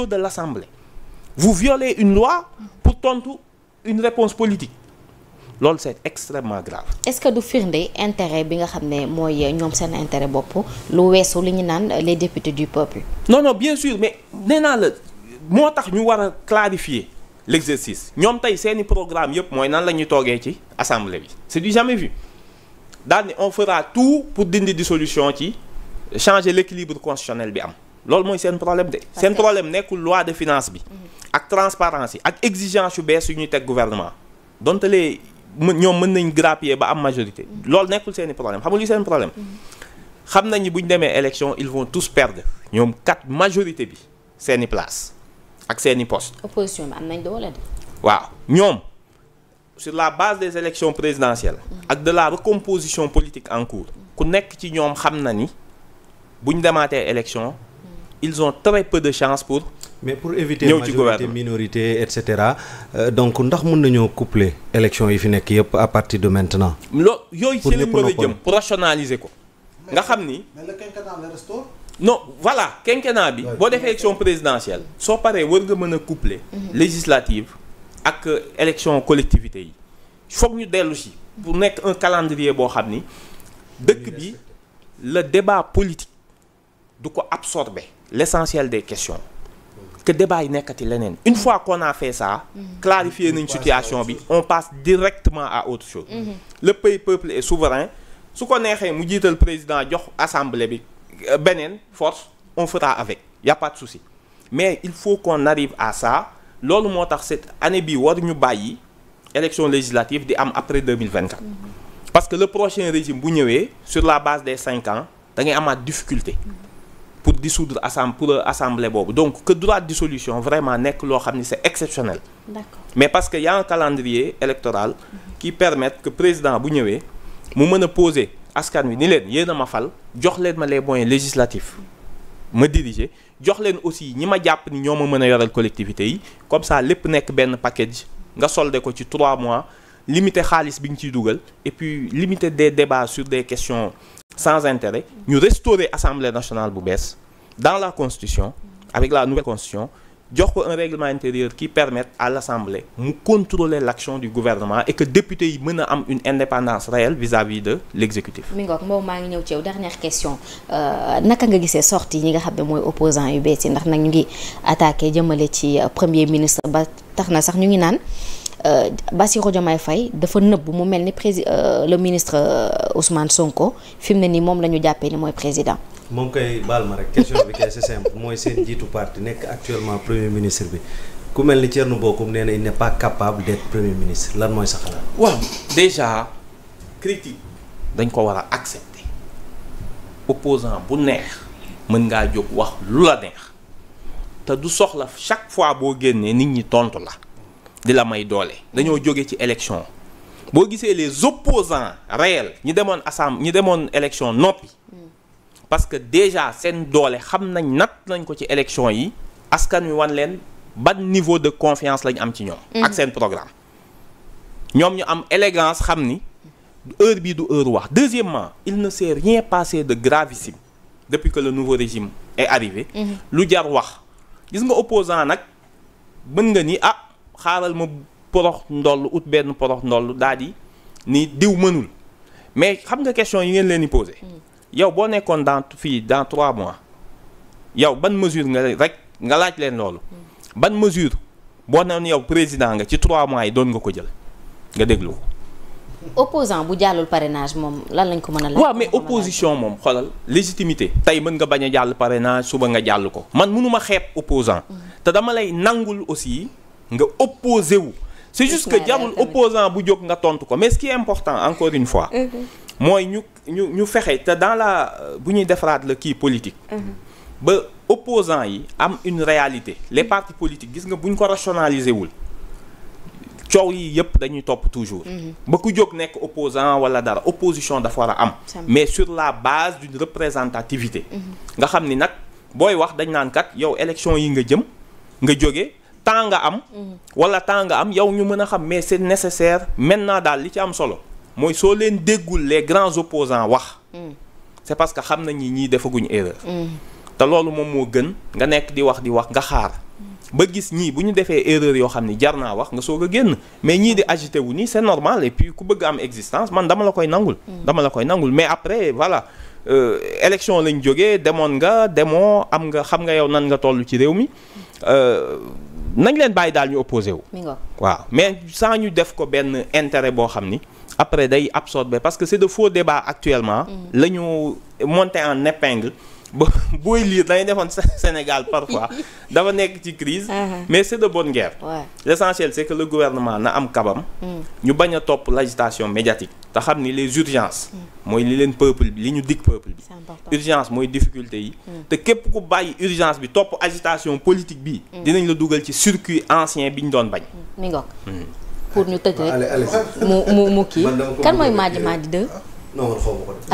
bureau de l'Assemblée vous violez une loi pour tontu une réponse politique loolu c'est extrêmement grave. est-ce que du firnde intéret bi nga xam ne mooy ñoom seen intérêt bopp lu weesu li ñu naan les députés du peuple. non non bien sûr mais nee naa la moo tax ñu waral a clarifier l'exercice ñoom tey seeni programme yëpp mooy nan la ñuy toogee ci assemblée bi c'est du jamais vu daal on fera tout pour dindi solution ci changer l'équilibre constitutionnel bi am. loolu mooy seen problème de seen problème nekkul loi de finance bi mhm. ak transparence yi ak exigence yu bees yu ñu teg gouvernement donte lee ñoom mën nañ grappiller ba am majorité mhm. loolu nekkul seen problème xamul li seen problème mhm. xam nañ ni bu ñu demee élection ils vont tous perdre ñoom quatre majorité bi seen i place ak seen i poste opposition bi am nañ doole de waaw ñoom sur la base des élections présidentielles ak de la composition politique en cours ku nekk ci ñoom xam na ni bu ñu demaatee élection ils ont très peu de chance pour. mais pour éviter majorité minorité et cetera euh, donc ndax mun nañoo coupler élection yi fi nekk yëpp à partir de maintenant. loo yooyu ci lañ war a jëm pour rationaliser ko. nga xam ni mais le voilà quinquennat bi boo defee élection présidentielle soo paree war nga mën a coupler. Mhm. législative ak euh, élection collectivité yi foog ñu dellu si. pour nekk un calendrier boo xam ni dëkk bi le débat politique. du ko absorber l'essentiel des questions que débat yi nekkati leneen une fois qu'on a fait ça clarifier nañ situation bi on passe directement à autre chose mm-hmm. le pays peuple est souverain su ko neexee mu jiital président jox assemblée bi euh, beneen force on fera avec y a pas de souci mais il faut qu'on arrive à ça loolu moo tax cette année bi war ñu bàyyi élection législative di am après 2024 mm-hmm. parce que le prochain régime bu ñëwee sur la base des cinq ans da amaat difficulté mm-hmm. di assemblée pour assemblée boobu donc que droit de dissolution vraiment nekk loo xam ni c'est exceptionnel. mais parce que y a un calendrier électoral. qui permet que président bu ñëwee mu mën a poser askan wi ni leen yéen a ma fal jox leen ma les moyens législatifs ma diriger jox leen aussi ñi ma jàpp ni ñoo ma mën a yoral collectivités yi comme ça lépp nekk benn package nga solde ko ci trois mois limiter xaalis bi ñu ciy dugal et puis limiter des débats sur des questions sans intérêt ñu restaurer assemblée nationale bu bees dans la constitution avec la nouvelle constitution jox ko un règlement intérieur qui permette à l'assemblée mu contrôler l'action du gouvernement et que député yi mën a am une indépendance réelle vis-à-vis de l'exécutif mi ngoog moom maa ngi ñëw ci yow dernière question euh, naka nga gisee sorti ñi nga xam ne mooy opposant yu bees yi ndax nag ñu ngi attaqué jëmale ci euh, premier ministre ba tax na sax ñu ngi naan euh, Bassirou Diomaye Faye dafa nëbb mu mel ni prési le ministre Ousmane Sonko fi mu ne nii moom la ñu jàppee ni mooy président moom koy baal ma rek question bi kay c'est simple mooy seen jiitu parti nekk actuellement premier ministre bi ku mel ni Thierno Bocoum nee na il n'est pas capable d'être premier ministre lan mooy sa xalaat. waaw déjà critique dañ ko war a accepter opposant bu neex mën ngaa jóg wax lu la neex te du soxla chaque fois boo génnee nit ñi tontu la di la may doole dañoo jóge ci élection boo gisee les opposants réels ñi demoon assemblée ñi demoon élection noppi. parce que déjà seen doole xam nañ natt nañ ko ci élection yi askan wi wan leen ban niveau de confiance lañ am ci ñoom. Mm-hmm. ak seen programme. ñoom ñu am élégance xam ni heure bii du heure wax deuxièmement il ne s'est rien passé de gravissime depuis que le nouveau régime est arrivé. Mm-hmm. lu jar wax gis nga opposant nag mën nga ni ah xaaral ma porox ndoll ut benn porox ndoll daal di ni diw mënul mais xam nga question yi ngeen leen di posé. Mm-hmm. yow boo nekkoon dans fii dans trois mois yow ban mesure nga rek nga laaj leen loolu ban mesure boo ne yow président nga ci trois mois yi doon nga ko jël nga déglu ko. opposant bu jàllul parrainage moom lan lañ ko mën a. waaw mais opposition moom xoolal légitimité. tey mën nga bañ a jàll parrainage suba nga jàll ko man mënu ma xeeb opposant mm-hmm. te dama lay nangul aussi nga opposé wu. c'est juste que jarul opposant bu jóg nga tontu ko mais ce qui important encore une fois. Mm-hmm. mooy ñu ñu ñu fexe te dans la bu ñuy defaraat la kii politique. Mhm. ba opposants yi am une réalité les partis politiques gis nga bu ñu ko rationaliser wul coow yi yëpp dañuy topp toujours. Mhm. ba ku jóg nekk opposant wala dara opposition dafa war a am. mais sur la base d'une représentativité. Mhm. nga xam ni nag booy wax dañ naan kat yow élection yi nga jëm nga jóge temps nga am. wala temps nga am yow ñu mën a xam mais c'est nécessaire maintenant daal li ci am solo. mooy soo leen déggul les grands opposants wax mm. c'est parce que xam nañ ni ñii defaguñ erreur mm. te loolu moom moo gën nga nekk di wax di wax nga xaar mm. ba gis ñii bu ñu defee erreur yoo xam ni jar naa wax nga soog a génn mais ñii di agité wu nii c'est normal et puis ku bëgg am existence man dama la koy nangul dama la koy nangul mais après voilà euh, élection lañ jóge demoon nga demoo am nga xam nga yow nan nga toll ci réew mi euh, nañ leen bàyyi daal ñu opposé wu mais sans ñu def ko benn intérêt boo xam ni après day absorber parce que c'est de faux débats actuellement. Mm-hmm. la ñu monter en épingle. ba booy lire dañuy defoon Sénégal parfois dafa nekk ci crise uh-huh. mais c'est de bonne guerre ouais. l'essentiel c'est que le gouvernement na am kabam mm. ñu bañ a topp l'agitation médiatique te xam ni les urgences mm. mooy li leen peuple bi li ñu dig peuple bi urgence mooy difficulté yi mm. te képp ku bàyyi urgence bi topp agitation politique bi dinañ la dugal ci circuit ancien bi ñu doon bañ pour ñu tëj rek mu mu mu kii kan mooy Maddy Maddy 2.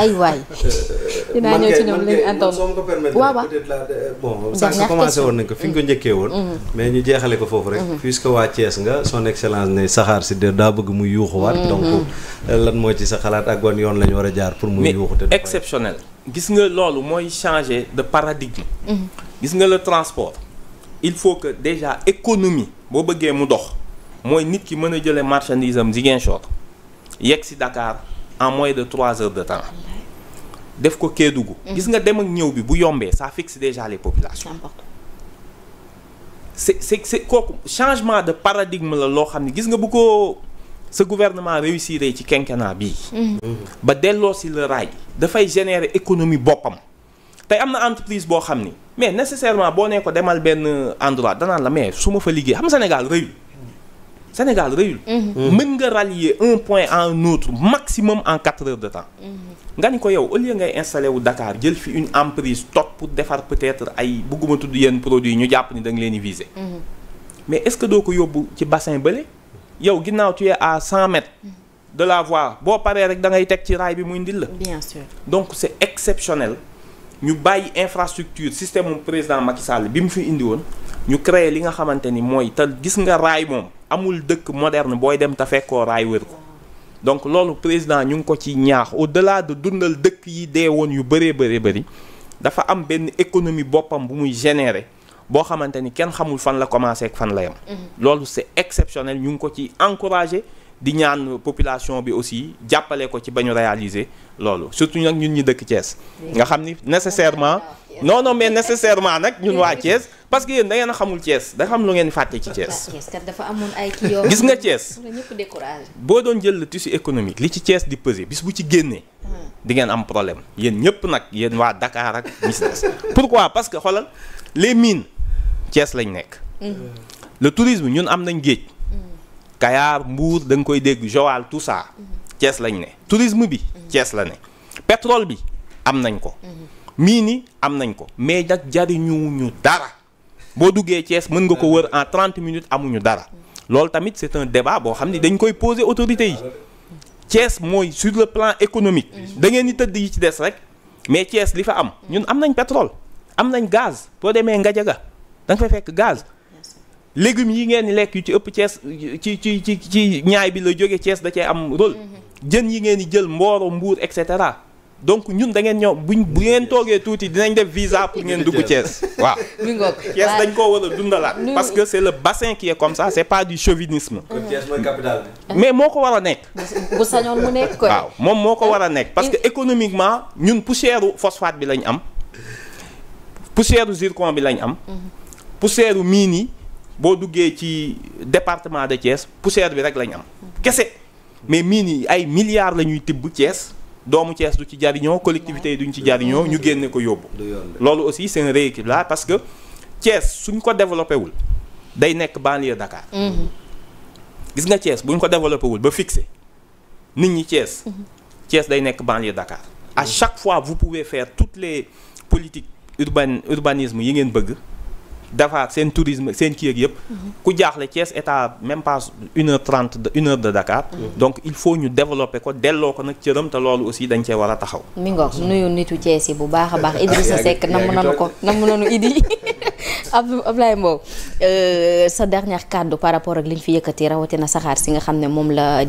ay waay. Euh, euh, dinaa ñëw ci ñoom lañu antoon man kay man soo ma ko permettre. waaw waaw peut-être la bon. woon nañ ko fi ñu mm. njëkkee woon. Mm. mais ñu jeexale ko foofu rek. Mm. puisque waa Thiès nga son excellence ne saxaar si de daa bëgg mu yuuxuwaat. donc euh, lan moo ci sa xalaat ak wan yoon la ñu war a jaar pour mu yuuxu. te exceptionnel gis nga loolu mooy changer de paradigme. gis nga la transport. il faut que déjà économie boo bëggee mu dox. mooy nit ki mën a jëlee marchandise am Ziguinchor yegg si dakaar en moins de trois heures de temps def ko Kédougou mm. gis nga dem ak ñëw bi bu yombee sa fixe déjà le populations c'est c'est c'est kooku changement de paradigme la loo xam ne gis nga bu ko ce gouvernement réussir ci quinquennat bii mm. ba delloo si le rail dafay générer économie boppam tey am na entreprise boo xam ni mais nécessairement boo nee ko demal benn endroit danaan la mais su ma fa liggéey am Sénégal Sénégal réyul mhm. mën nga rallier un point à un autre maximum en quatre heures de temps mhm. nga ni ko yow au lieu ngay installé wu Dakar jël fi une emprise tot pour defar peut-être ay bëgguma tudd yenn produit ñu jàpp ni danga nga leen di viser mhm. mais est-ce que doo ko yóbbu ci bassin bële yow ginnaaw tu à cent mètres de la voie boo paree rek da ngay teg ci raay bi mu indi la bien sûr donc c'est exceptionnel ñu bàyyi infrastructure système mu président Macky Sall bi mu fi indi woon ñu créer li nga xamante ni mooy te gis nga raay moom amul dëkk moderne booy dem te fekkoo raay wër ko donc loolu président ñu ngi ko ci ñaax au delà de dundal dëkk yi dee woon yu bëree bëri bëri dafa am benn économie boppam bu muy générer boo xamante ni kenn xamul fan la commencé ak fan la yem. Mhm. loolu c'est exceptionnel ñu ngi ko ci encourager di ñaan population bi aussi jàppale ko ci bañu ñu loolu surtout nag ñun ñi dëkk Thiès. nga xam ni nécessairement. non non mais nécessairement nag ñun waa Thiès parce que yéen da a xamul Thiès da xam lu ngeen fàtte ci Thiès. dafa amoon ay kii yoo gis nga Thiès ñëpp boo doon jël le tissu économique li ci Thiès di peser bis bu ci génnee. di ngeen am problème yéen ñëpp nag yéen waa Dakar ak business pourquoi parce que xoolal les mines Thiès lañ nekk. Mhm. le tourisme ñun am nañ géej. Mhm. Kayaar Mbour da nga koy dégg Joal tout ça. Mhm. Thiès lañ ne tourisme bi. Thiès la ne pétrole bi am nañ ko. mii ni am nañ ko mais nag jariñuwuñu dara boo duggee cees mën nga ko wër en 30 minutes amuñu dara loolu tamit c'est un débat boo xam ni dañ koy poser autorité yi Thiès mooy sur le plan économique da ngeen di tëdd yi ci des rek mais Thiès li fa am ñun am nañ pétrole am nañ gaz boo demee Ngajaga da nga fay fekk gaz légum yi ngeen di lekk yu ci ëpp Thiès ci ci ci ci ñaay bi la jóge cees da cee am rôle mm-hmm. jën yi ngeen di jël mbooro mbuur et cetera donc ñun da ngeen ñëw buñ bu ngeen toogee tuuti dinañ def visa pour ngeen dugg Thiès waaw. mi ngoog Thiès dañ koo war a dundalaat. parce que c'est le bassin qui est comme ça c'est pas du chauvinisme. Ah. mais moo ko war a nekk. bu sañoon moom moo ko war a nekk parce que ah. économiquement ñun poussière phosphate bi lañ am poussière zircon bi lañ am. Mhm. poussière mine yi boo duggee ci département de Thiès poussière bi rek lañ am. Mhm. kese mais mine ay milliards la ñuy tibb Thiès. doomu Thiès du ci jariñoo collectivité yi duñ ci jariñoo ñu génne ko yóbbu. loolu aussi c'est un rééquilibre là parce que Thiès suñ ko développé wul day nekk banlieue Dakar. Mhm. gis nga Thiès buñ ko développé wul ba fixé nit ñi Thiès. Mhm. cees day nekk banlieue Dakar. à mhm. chaque fois vous pouvez faire toutes les politique urbaines urbanisme yi ngeen bëgg. Dakar seen tourisme seen kii ak yëpp. Mhm. ku jaaxle Thiès état même pas une heure trente de une heure de Dakar. Mhm. donc il faut ñu développer ko delloo ko nag cëram te loolu aussi dañ cee war a taxaw. mi ngoog nuyu nitu Thiès yi bu baax a baax. Idrissa Seck namm nañu ko namm nañu Idi Abdou Abdoulaye Mbow. Euh, sa dernière kàddu par rapport ak li fi yëkkati rawatina saxaar si nga xam ne moom la